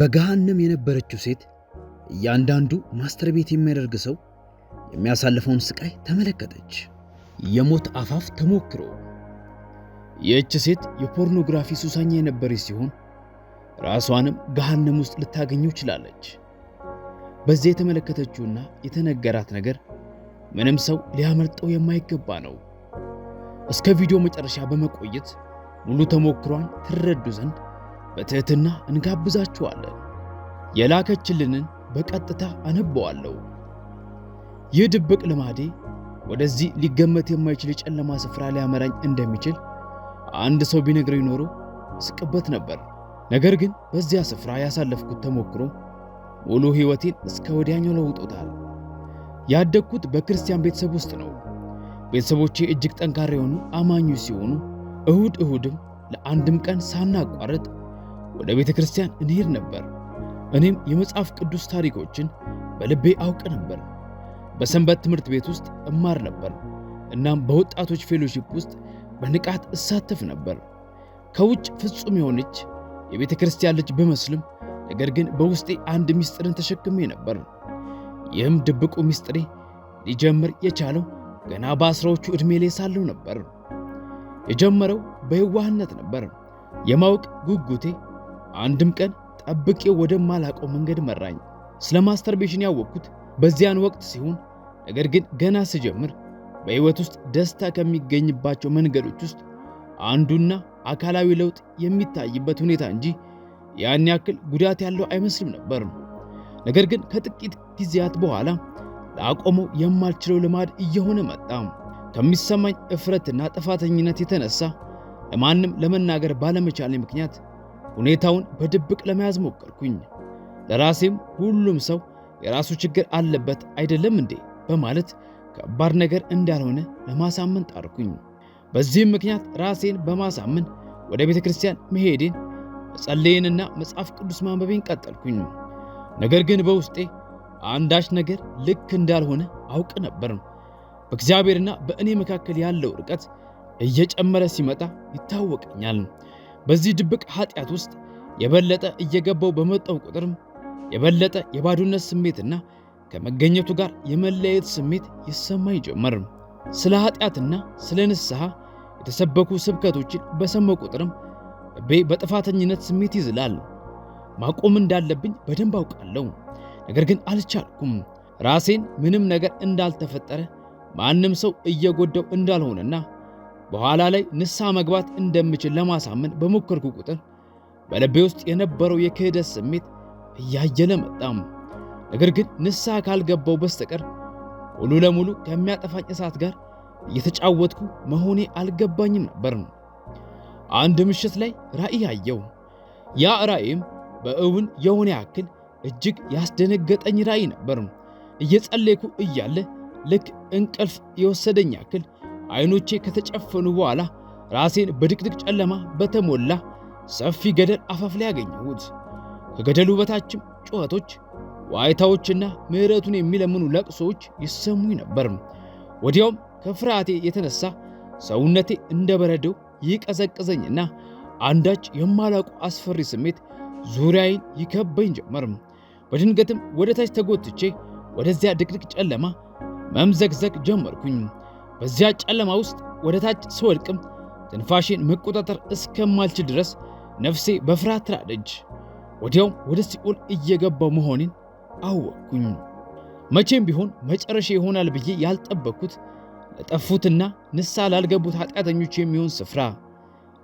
በገሃነም የነበረችው ሴት እያንዳንዱ ቤት የሚያደርግ ሰው የሚያሳልፈውን ስቃይ ተመለከተች። የሞት አፋፍ ተሞክሮ። ይህች ሴት የፖርኖግራፊ ሱሰኛ የነበረች ሲሆን ራሷንም ገሃነም ውስጥ ልታገኘው ችላለች። በዚህ የተመለከተችውና የተነገራት ነገር ምንም ሰው ሊያመልጠው የማይገባ ነው። እስከ ቪዲዮ መጨረሻ በመቆየት ሙሉ ተሞክሯን ትረዱ ዘንድ በትህትና እንጋብዛችኋለን። የላከችልንን በቀጥታ አነበዋለሁ። ይህ ድብቅ ልማዴ ወደዚህ ሊገመት የማይችል የጨለማ ስፍራ ሊያመራኝ እንደሚችል አንድ ሰው ቢነግረኝ ኖሮ እስቅበት ነበር። ነገር ግን በዚያ ስፍራ ያሳለፍኩት ተሞክሮ ሙሉ ሕይወቴን እስከ ወዲያኛው ለውጦታል። ያደግኩት በክርስቲያን ቤተሰብ ውስጥ ነው። ቤተሰቦቼ እጅግ ጠንካራ የሆኑ አማኞች ሲሆኑ እሁድ እሁድም ለአንድም ቀን ሳናቋርጥ ወደ ቤተ ክርስቲያን እንሄድ ነበር። እኔም የመጽሐፍ ቅዱስ ታሪኮችን በልቤ አውቅ ነበር። በሰንበት ትምህርት ቤት ውስጥ እማር ነበር። እናም በወጣቶች ፌሎሺፕ ውስጥ በንቃት እሳተፍ ነበር። ከውጭ ፍጹም የሆነች የቤተ ክርስቲያን ልጅ ብመስልም ነገር ግን በውስጤ አንድ ምስጢርን ተሸክሜ ነበር። ይህም ድብቁ ምስጢሬ ሊጀምር የቻለው ገና በአስራዎቹ ዕድሜ ላይ ሳለሁ ነበር። የጀመረው በየዋህነት ነበር። የማወቅ ጉጉቴ አንድም ቀን ወደ ወደማላቀው መንገድ መራኝ። ስለ ማስተርቤሽን ያወቅኩት በዚያን ወቅት ሲሆን ነገር ግን ገና ስጀምር በህይወት ውስጥ ደስታ ከሚገኝባቸው መንገዶች ውስጥ አንዱና አካላዊ ለውጥ የሚታይበት ሁኔታ እንጂ ያን ያክል ጉዳት ያለው አይመስልም ነበር። ነገር ግን ከጥቂት ጊዜያት በኋላ ላቆመው የማልችለው ልማድ እየሆነ መጣ። ከሚሰማኝ እፍረትና ጥፋተኝነት የተነሳ ለማንም ለመናገር ባለመቻሌ ምክንያት ሁኔታውን በድብቅ ለመያዝ ሞከርኩኝ። ለራሴም ሁሉም ሰው የራሱ ችግር አለበት አይደለም እንዴ በማለት ከባድ ነገር እንዳልሆነ ለማሳመን ጣርኩኝ። በዚህም ምክንያት ራሴን በማሳመን ወደ ቤተ ክርስቲያን መሄዴን መጸለይንና መጽሐፍ ቅዱስ ማንበቤን ቀጠልኩኝ። ነገር ግን በውስጤ አንዳች ነገር ልክ እንዳልሆነ አውቅ ነበር። በእግዚአብሔርና በእኔ መካከል ያለው ርቀት እየጨመረ ሲመጣ ይታወቀኛል። በዚህ ድብቅ ኃጢአት ውስጥ የበለጠ እየገባው በመጣው ቁጥርም የበለጠ የባዶነት ስሜትና ከመገኘቱ ጋር የመለየት ስሜት ይሰማኝ ጀመር። ስለ ኃጢአትና ስለ ንስሐ የተሰበኩ ስብከቶችን በሰማው ቁጥርም ልቤ በጥፋተኝነት ስሜት ይዝላል። ማቆም እንዳለብኝ በደንብ አውቃለሁ፣ ነገር ግን አልቻልኩም። ራሴን ምንም ነገር እንዳልተፈጠረ ማንም ሰው እየጎዳው እንዳልሆነና በኋላ ላይ ንስሐ መግባት እንደምችል ለማሳመን በሞከርኩ ቁጥር በልቤ ውስጥ የነበረው የክህደት ስሜት እያየለ መጣም። ነገር ግን ንስሐ ካልገባው በስተቀር ሙሉ ለሙሉ ከሚያጠፋኝ እሳት ጋር እየተጫወትኩ መሆኔ አልገባኝም ነበር። አንድ ምሽት ላይ ራእይ አየው። ያ ራእይም በእውን የሆነ ያክል እጅግ ያስደነገጠኝ ራእይ ነበር። እየጸለይኩ እያለ ልክ እንቅልፍ የወሰደኝ ያክል አይኖቼ ከተጨፈኑ በኋላ ራሴን በድቅድቅ ጨለማ በተሞላ ሰፊ ገደል አፋፍ ላይ አገኘሁት። ከገደሉ በታችም ጩኸቶች፣ ዋይታዎችና ምሕረቱን የሚለምኑ ለቅሶዎች ይሰሙኝ ነበር። ወዲያውም ከፍርሃቴ የተነሳ ሰውነቴ እንደ በረዶው ይቀዘቅዘኝና አንዳች የማላውቁ አስፈሪ ስሜት ዙሪያዬን ይከበኝ ጀመር። በድንገትም ወደ ታች ተጎትቼ ወደዚያ ድቅድቅ ጨለማ መምዘግዘግ ጀመርኩኝ። በዚያ ጨለማ ውስጥ ወደ ታች ስወድቅም ትንፋሽን መቆጣጠር እስከማልችል ድረስ ነፍሴ በፍርሃት ተራደች። ወዲያውም ወደ ሲኦል እየገባው መሆኔን አወቅኩኝ። መቼም ቢሆን መጨረሻ ይሆናል ብዬ ያልጠበቅኩት ለጠፉትና ንስሐ ላልገቡት ኃጢአተኞች የሚሆን ስፍራ።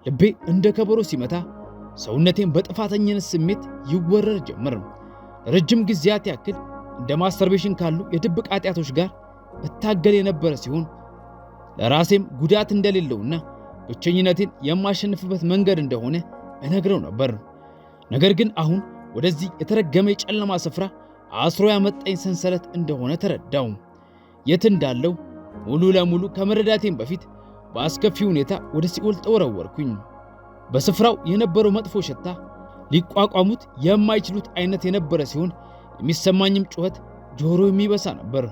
ልቤ እንደ ከበሮ ሲመታ፣ ሰውነቴን በጥፋተኝነት ስሜት ይወረር ጀመር። ረጅም ጊዜያት ያክል እንደ ማስተርቤሽን ካሉ የድብቅ ኃጢአቶች ጋር እታገል የነበረ ሲሆን ለራሴም ጉዳት እንደሌለውና ብቸኝነቴን የማሸንፍበት መንገድ እንደሆነ እነግረው ነበር። ነገር ግን አሁን ወደዚህ የተረገመ የጨለማ ስፍራ አስሮ ያመጣኝ ሰንሰለት እንደሆነ ተረዳው። የት እንዳለው ሙሉ ለሙሉ ከመረዳቴም በፊት በአስከፊ ሁኔታ ወደ ሲኦል ተወረወርኩኝ። በስፍራው የነበረው መጥፎ ሽታ ሊቋቋሙት የማይችሉት አይነት የነበረ ሲሆን የሚሰማኝም ጩኸት ጆሮ የሚበሳ ነበር።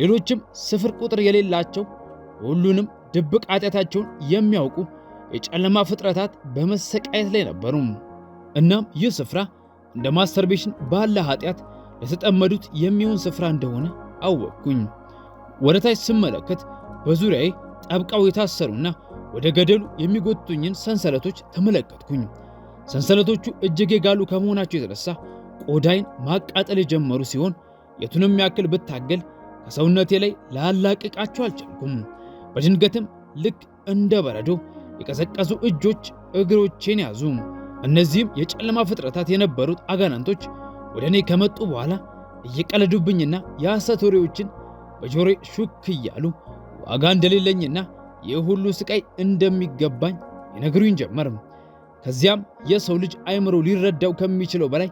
ሌሎችም ስፍር ቁጥር የሌላቸው ሁሉንም ድብቅ ኃጢአታቸውን የሚያውቁ የጨለማ ፍጥረታት በመሰቃየት ላይ ነበሩ። እናም ይህ ስፍራ እንደ ማስተርቤሽን ባለ ኃጢአት ለተጠመዱት የሚሆን ስፍራ እንደሆነ አወቅኩኝ። ወደ ታች ስመለከት በዙሪያዬ ጠብቀው የታሰሩና ወደ ገደሉ የሚጎትቱኝን ሰንሰለቶች ተመለከትኩኝ። ሰንሰለቶቹ እጅግ የጋሉ ከመሆናቸው የተነሳ ቆዳይን ማቃጠል የጀመሩ ሲሆን የቱንም ያክል ብታገል ከሰውነቴ ላይ ላላቅቃቸው አልቻልኩም። በድንገትም ልክ እንደ በረዶ የቀዘቀዙ እጆች እግሮቼን ያዙ። እነዚህም የጨለማ ፍጥረታት የነበሩት አጋናንቶች ወደ እኔ ከመጡ በኋላ እየቀለዱብኝና የሐሰት ወሬዎችን ሹክ እያሉ ዋጋ እንደሌለኝና ይህ ሁሉ ስቃይ እንደሚገባኝ ይነግሩኝ ጀመር። ከዚያም የሰው ልጅ አይምሮ ሊረዳው ከሚችለው በላይ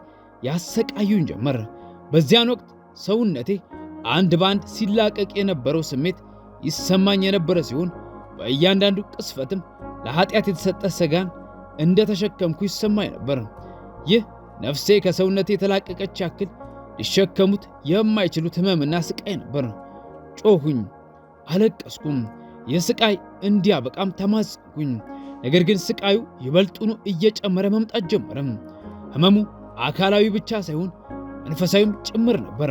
ያሰቃዩኝ ጀመር። በዚያን ወቅት ሰውነቴ አንድ በአንድ ሲላቀቅ የነበረው ስሜት ይሰማኝ የነበረ ሲሆን በእያንዳንዱ ቅስፈትም ለኃጢአት የተሰጠ ሥጋን እንደ ተሸከምኩ ይሰማኝ ነበር። ይህ ነፍሴ ከሰውነቴ የተላቀቀች ያክል ሊሸከሙት የማይችሉት ሕመምና ስቃይ ነበር። ጮሁኝ አለቀስኩም። የስቃይ እንዲያበቃም ተማጸንኩኝ። ነገር ግን ስቃዩ ይበልጡኑ እየጨመረ መምጣት ጀመረም። ሕመሙ አካላዊ ብቻ ሳይሆን መንፈሳዊም ጭምር ነበር።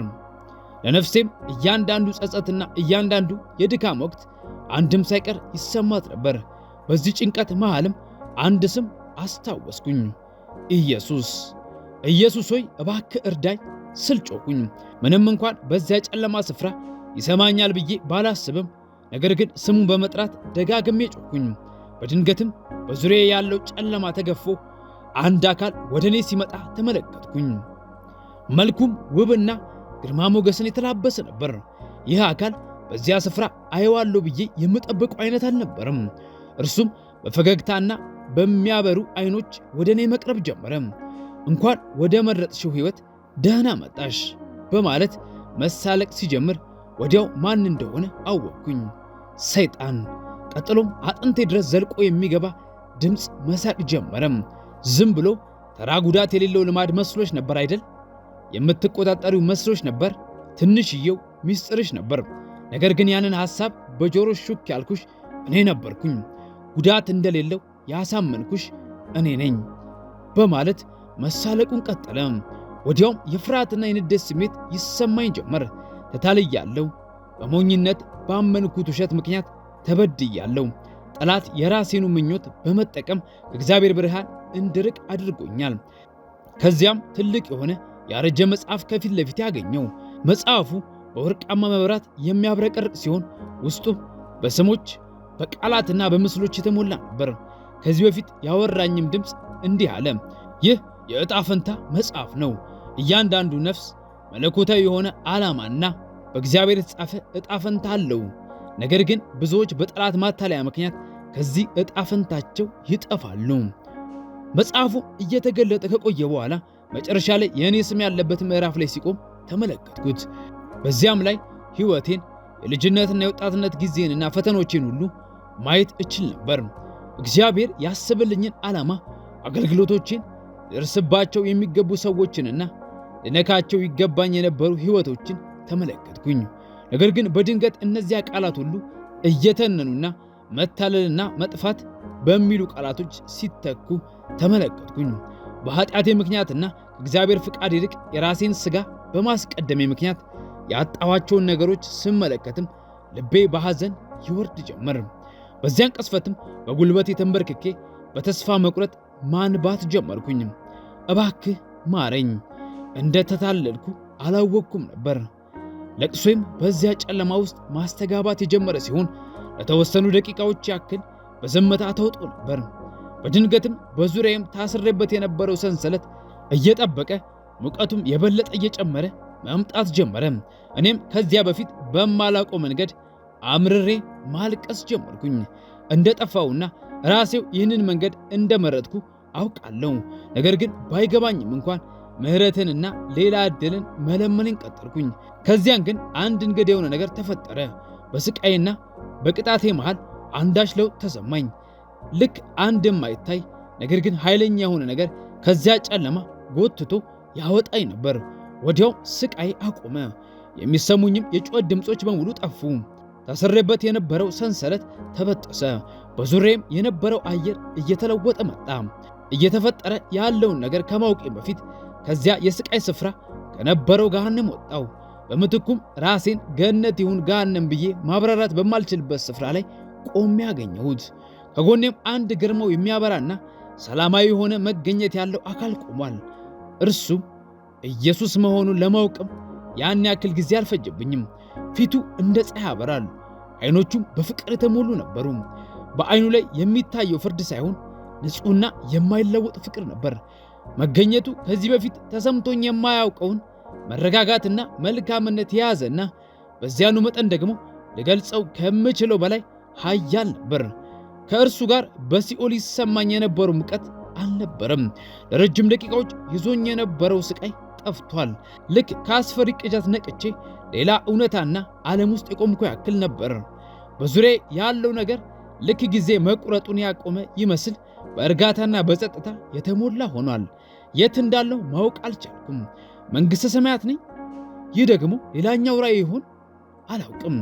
ለነፍሴም እያንዳንዱ ጸጸትና እያንዳንዱ የድካም ወቅት አንድም ሳይቀር ይሰማት ነበር። በዚህ ጭንቀት መሃልም አንድ ስም አስታወስኩኝ። ኢየሱስ ኢየሱስ ሆይ እባክህ እርዳኝ ስል ጮኩኝ። ምንም እንኳን በዚያ ጨለማ ስፍራ ይሰማኛል ብዬ ባላስብም፣ ነገር ግን ስሙን በመጥራት ደጋግሜ ጮኩኝ። በድንገትም በዙሪያ ያለው ጨለማ ተገፎ አንድ አካል ወደ እኔ ሲመጣ ተመለከትኩኝ። መልኩም ውብና ግርማ ሞገስን የተላበሰ ነበር። ይህ አካል በዚያ ስፍራ አየዋለሁ ብዬ የምጠብቀው አይነት አልነበረም። እርሱም በፈገግታና በሚያበሩ አይኖች ወደ እኔ መቅረብ ጀመረ። እንኳን ወደ መረጥሽው ሕይወት ደህና መጣሽ በማለት መሳለቅ ሲጀምር ወዲያው ማን እንደሆነ አወቅኩኝ። ሰይጣን። ቀጥሎም አጥንቴ ድረስ ዘልቆ የሚገባ ድምፅ መሳቅ ጀመረም። ዝም ብሎ ተራ ጉዳት የሌለው ልማድ መስሎች ነበር አይደል? የምትቆጣጠሪው መስሎች ነበር። ትንሽየው ሚስጥርሽ ነበር። ነገር ግን ያንን ሐሳብ በጆሮ ሹክ ያልኩሽ እኔ ነበርኩኝ። ጉዳት እንደሌለው ያሳመንኩሽ እኔ ነኝ በማለት መሳለቁን ቀጠለ። ወዲያውም የፍርሃትና የንዴት ስሜት ይሰማኝ ጀመር። ተታልያለሁ። በሞኝነት ባመንኩት ውሸት ምክንያት ተበድያለሁ። ጠላት የራሴኑ ምኞት በመጠቀም ከእግዚአብሔር ብርሃን እንድርቅ አድርጎኛል። ከዚያም ትልቅ የሆነ ያረጀ መጽሐፍ ከፊት ለፊት ያገኘው። መጽሐፉ በወርቃማ መብራት የሚያብረቀርቅ ሲሆን ውስጡ በስሞች በቃላትና በምስሎች የተሞላ ነበር። ከዚህ በፊት ያወራኝም ድምፅ እንዲህ አለ፣ ይህ የዕጣ ፈንታ መጽሐፍ ነው። እያንዳንዱ ነፍስ መለኮታዊ የሆነ ዓላማና በእግዚአብሔር የተጻፈ ዕጣ ፈንታ አለው። ነገር ግን ብዙዎች በጠላት ማታለያ ምክንያት ከዚህ ዕጣ ፈንታቸው ይጠፋሉ። መጽሐፉ እየተገለጠ ከቆየ በኋላ መጨረሻ ላይ የእኔ ስም ያለበት ምዕራፍ ላይ ሲቆም ተመለከትኩት። በዚያም ላይ ሕይወቴን የልጅነትና የወጣትነት ጊዜንና ፈተኖቼን ሁሉ ማየት እችል ነበር። እግዚአብሔር ያስብልኝን ዓላማ፣ አገልግሎቶችን ደርስባቸው የሚገቡ ሰዎችንና ልነካቸው ይገባኝ የነበሩ ሕይወቶችን ተመለከትኩኝ። ነገር ግን በድንገት እነዚያ ቃላት ሁሉ እየተነኑና መታለልና መጥፋት በሚሉ ቃላቶች ሲተኩ ተመለከትኩኝ። በኃጢአቴ ምክንያትና እግዚአብሔር ፍቃድ ይልቅ የራሴን ሥጋ በማስቀደሜ ምክንያት ያጣኋቸውን ነገሮች ስመለከትም ልቤ በሐዘን ይወርድ ጀመር። በዚያን ቅስፈትም በጉልበት የተንበርክኬ በተስፋ መቁረጥ ማንባት ጀመርኩኝም። እባክህ ማረኝ፣ እንደ ተታለልኩ አላወቅኩም ነበር። ለቅሶይም በዚያ ጨለማ ውስጥ ማስተጋባት የጀመረ ሲሆን ለተወሰኑ ደቂቃዎች ያክል በዘመታ ተውጦ ነበር። በድንገትም በዙሪያም ታስሬበት የነበረው ሰንሰለት እየጠበቀ ሙቀቱም የበለጠ እየጨመረ መምጣት ጀመረ። እኔም ከዚያ በፊት በማላውቀው መንገድ አምርሬ ማልቀስ ጀመርኩኝ። እንደ ጠፋውና ራሴው ይህንን መንገድ እንደመረጥኩ አውቃለሁ። ነገር ግን ባይገባኝም እንኳን ምህረትንና ሌላ ዕድልን መለመንን ቀጠልኩኝ። ከዚያን ግን አንድ እንግዳ የሆነ ነገር ተፈጠረ። በስቃይና በቅጣቴ መሃል አንዳች ለውጥ ተሰማኝ። ልክ አንድ የማይታይ ነገር ግን ኃይለኛ የሆነ ነገር ከዚያ ጨለማ ጎትቶ ያወጣኝ ነበር። ወዲያው ስቃይ አቆመ። የሚሰሙኝም የጩኸት ድምፆች በሙሉ ጠፉ። ታስሬበት የነበረው ሰንሰለት ተበጠሰ። በዙሪያም የነበረው አየር እየተለወጠ መጣ። እየተፈጠረ ያለውን ነገር ከማወቅ በፊት ከዚያ የስቃይ ስፍራ ከነበረው ገሃነም ወጣው። በምትኩም ራሴን ገነት ይሁን ገሃነም ብዬ ማብራራት በማልችልበት ስፍራ ላይ ቆሜ ያገኘሁት ከጎኔም አንድ ገርመው የሚያበራና ሰላማዊ የሆነ መገኘት ያለው አካል ቆሟል። እርሱም ኢየሱስ መሆኑን ለማወቅም ያን ያክል ጊዜ አልፈጀብኝም። ፊቱ እንደ ፀሐይ ያበራል፣ አይኖቹም በፍቅር የተሞሉ ነበሩ። በአይኑ ላይ የሚታየው ፍርድ ሳይሆን ንጹሕና የማይለወጥ ፍቅር ነበር። መገኘቱ ከዚህ በፊት ተሰምቶኝ የማያውቀውን መረጋጋትና መልካምነት የያዘና በዚያኑ መጠን ደግሞ ልገልጸው ከምችለው በላይ ኃያል ነበር። ከእርሱ ጋር በሲኦል ይሰማኝ የነበረው ሙቀት አልነበረም። ለረጅም ደቂቃዎች ይዞኝ የነበረው ስቃይ ጠፍቷል። ልክ ከአስፈሪ ቅዠት ነቅቼ ሌላ እውነታና ዓለም ውስጥ የቆምኩ ያክል ነበር። በዙሪያ ያለው ነገር ልክ ጊዜ መቁረጡን ያቆመ ይመስል በእርጋታና በጸጥታ የተሞላ ሆኗል። የት እንዳለው ማወቅ አልቻልኩም። መንግሥተ ሰማያት ነኝ? ይህ ደግሞ ሌላኛው ራእይ ይሆን? አላውቅም።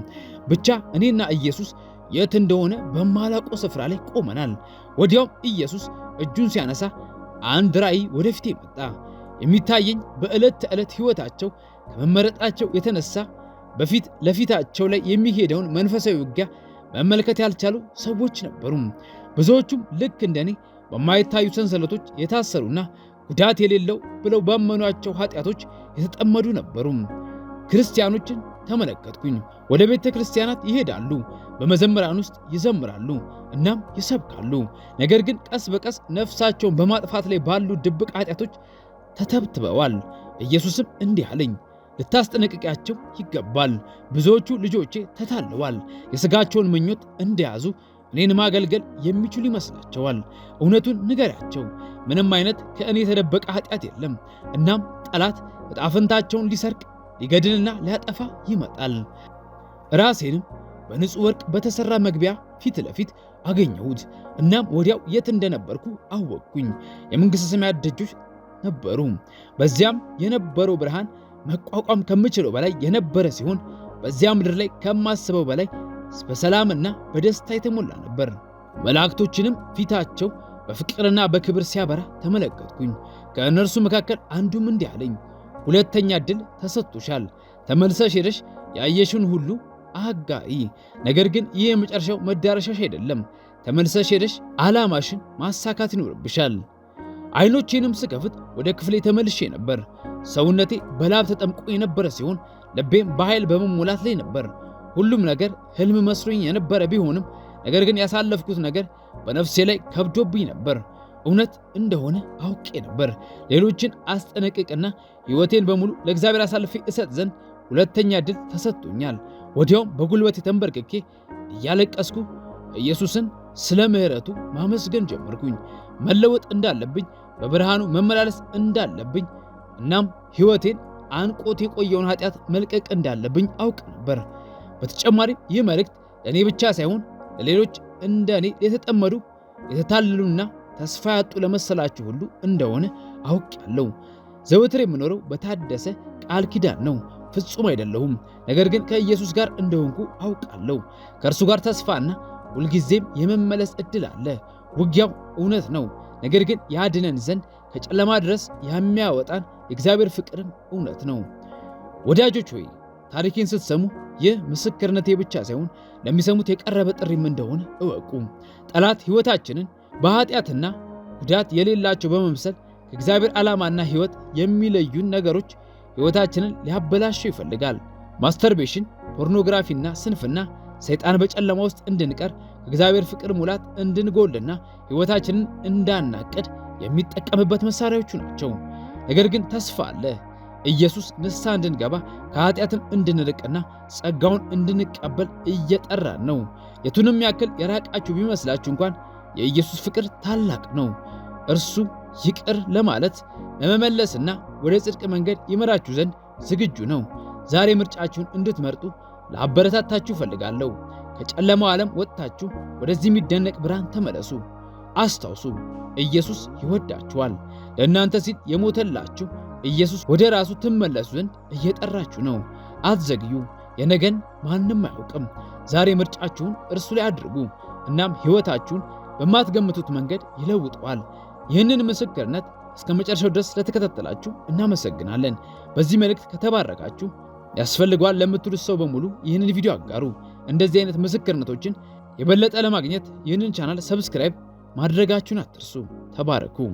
ብቻ እኔና ኢየሱስ የት እንደሆነ በማላውቀው ስፍራ ላይ ቆመናል። ወዲያውም ኢየሱስ እጁን ሲያነሳ አንድ ራእይ ወደፊቴ መጣ። የሚታየኝ በዕለት ተዕለት ሕይወታቸው ከመመረጣቸው የተነሳ በፊት ለፊታቸው ላይ የሚሄደውን መንፈሳዊ ውጊያ መመልከት ያልቻሉ ሰዎች ነበሩ። ብዙዎቹም ልክ እንደኔ በማይታዩ ሰንሰለቶች የታሰሩና ጉዳት የሌለው ብለው ባመኗቸው ኃጢአቶች የተጠመዱ ነበሩ። ክርስቲያኖችን ተመለከትኩኝ። ወደ ቤተ ክርስቲያናት ይሄዳሉ፣ በመዘምራን ውስጥ ይዘምራሉ፣ እናም ይሰብካሉ። ነገር ግን ቀስ በቀስ ነፍሳቸውን በማጥፋት ላይ ባሉ ድብቅ ኃጢአቶች ተተብትበዋል። ኢየሱስም እንዲህ አለኝ፣ ልታስጠነቅቂያቸው ይገባል። ብዙዎቹ ልጆቼ ተታለዋል። የሥጋቸውን ምኞት እንደያዙ እኔን ማገልገል የሚችሉ ይመስላቸዋል። እውነቱን ንገሪያቸው፣ ምንም አይነት ከእኔ የተደበቀ ኃጢአት የለም። እናም ጠላት ዕጣ ፈንታቸውን ሊሰርቅ ሊገድልና ሊያጠፋ ይመጣል። ራሴንም በንጹህ ወርቅ በተሰራ መግቢያ ፊት ለፊት አገኘሁት። እናም ወዲያው የት እንደነበርኩ አወቅኩኝ። የመንግሥተ ሰማያት ደጆች ነበሩ። በዚያም የነበረው ብርሃን መቋቋም ከምችለው በላይ የነበረ ሲሆን በዚያ ምድር ላይ ከማስበው በላይ በሰላምና በደስታ የተሞላ ነበር። መላእክቶችንም ፊታቸው በፍቅርና በክብር ሲያበራ ተመለከትኩኝ። ከእነርሱ መካከል አንዱም እንዲህ አለኝ፣ ሁለተኛ እድል ተሰጥቶሻል። ተመልሰሽ ሄደሽ ያየሽን ሁሉ አጋይ። ነገር ግን ይህ የመጨረሻው መዳረሻሽ አይደለም። ተመልሰሽ ሄደሽ ዓላማሽን ማሳካት ይኖርብሻል። አይኖቼንም ስከፍት ወደ ክፍሌ ተመልሼ ነበር። ሰውነቴ በላብ ተጠምቆ የነበረ ሲሆን ልቤም በኃይል በመሞላት ላይ ነበር። ሁሉም ነገር ህልም መስሎኝ የነበረ ቢሆንም ነገር ግን ያሳለፍኩት ነገር በነፍሴ ላይ ከብዶብኝ ነበር። እውነት እንደሆነ አውቄ ነበር። ሌሎችን አስጠነቅቅና ሕይወቴን በሙሉ ለእግዚአብሔር አሳልፌ እሰጥ ዘንድ ሁለተኛ ድል ተሰጥቶኛል። ወዲያውም በጉልበት ተንበርክኬ እያለቀስኩ ኢየሱስን ስለ ምሕረቱ ማመስገን ጀመርኩኝ። መለወጥ እንዳለብኝ፣ በብርሃኑ መመላለስ እንዳለብኝ እናም ሕይወቴን አንቆት የቆየውን ኃጢአት መልቀቅ እንዳለብኝ አውቅ ነበር። በተጨማሪም ይህ መልእክት ለእኔ ብቻ ሳይሆን ለሌሎች እንደ እኔ የተጠመዱ የተታለሉና ተስፋ ያጡ ለመሰላችሁ ሁሉ እንደሆነ አውቃለሁ። ዘወትር የምኖረው በታደሰ ቃል ኪዳን ነው። ፍጹም አይደለሁም፣ ነገር ግን ከኢየሱስ ጋር እንደሆንኩ አውቃለሁ። ከእርሱ ጋር ተስፋና ሁልጊዜም የመመለስ ዕድል አለ። ውጊያው እውነት ነው፣ ነገር ግን ያድነን ዘንድ ከጨለማ ድረስ የሚያወጣን የእግዚአብሔር ፍቅርም እውነት ነው። ወዳጆች ሆይ ታሪኬን ስትሰሙ ይህ ምስክርነቴ ብቻ ሳይሆን ለሚሰሙት የቀረበ ጥሪም እንደሆነ እወቁ። ጠላት ሕይወታችንን በኃጢአትና ጉዳት የሌላቸው በመምሰል ከእግዚአብሔር ዓላማና ሕይወት የሚለዩን ነገሮች ሕይወታችንን ሊያበላሸው ይፈልጋል። ማስተርቤሽን፣ ፖርኖግራፊና ስንፍና ሰይጣን በጨለማ ውስጥ እንድንቀር ከእግዚአብሔር ፍቅር ሙላት እንድንጎልና ሕይወታችንን እንዳናቅድ የሚጠቀምበት መሳሪያዎቹ ናቸው። ነገር ግን ተስፋ አለ። ኢየሱስ ንስሐ እንድንገባ ከኃጢአትም እንድንርቅና ጸጋውን እንድንቀበል እየጠራን ነው። የቱንም ያክል የራቃችሁ ቢመስላችሁ እንኳን የኢየሱስ ፍቅር ታላቅ ነው። እርሱ ይቅር ለማለት ለመመለስና ወደ ጽድቅ መንገድ ይመራችሁ ዘንድ ዝግጁ ነው። ዛሬ ምርጫችሁን እንድትመርጡ ላበረታታችሁ ፈልጋለሁ። ከጨለማው ዓለም ወጥታችሁ ወደዚህ የሚደነቅ ብርሃን ተመለሱ። አስታውሱ፣ ኢየሱስ ይወዳችኋል። ለእናንተ ሲል የሞተላችሁ ኢየሱስ ወደ ራሱ ትመለሱ ዘንድ እየጠራችሁ ነው። አትዘግዩ። የነገን ማንም አያውቅም። ዛሬ ምርጫችሁን እርሱ ላይ አድርጉ። እናም ሕይወታችሁን በማትገምቱት መንገድ ይለውጠዋል። ይህንን ምስክርነት እስከ መጨረሻው ድረስ ለተከታተላችሁ እናመሰግናለን። በዚህ መልእክት ከተባረካችሁ ያስፈልገዋል ለምትሉት ሰው በሙሉ ይህንን ቪዲዮ አጋሩ። እንደዚህ አይነት ምስክርነቶችን የበለጠ ለማግኘት ይህንን ቻናል ሰብስክራይብ ማድረጋችሁን አትርሱ። ተባረኩ።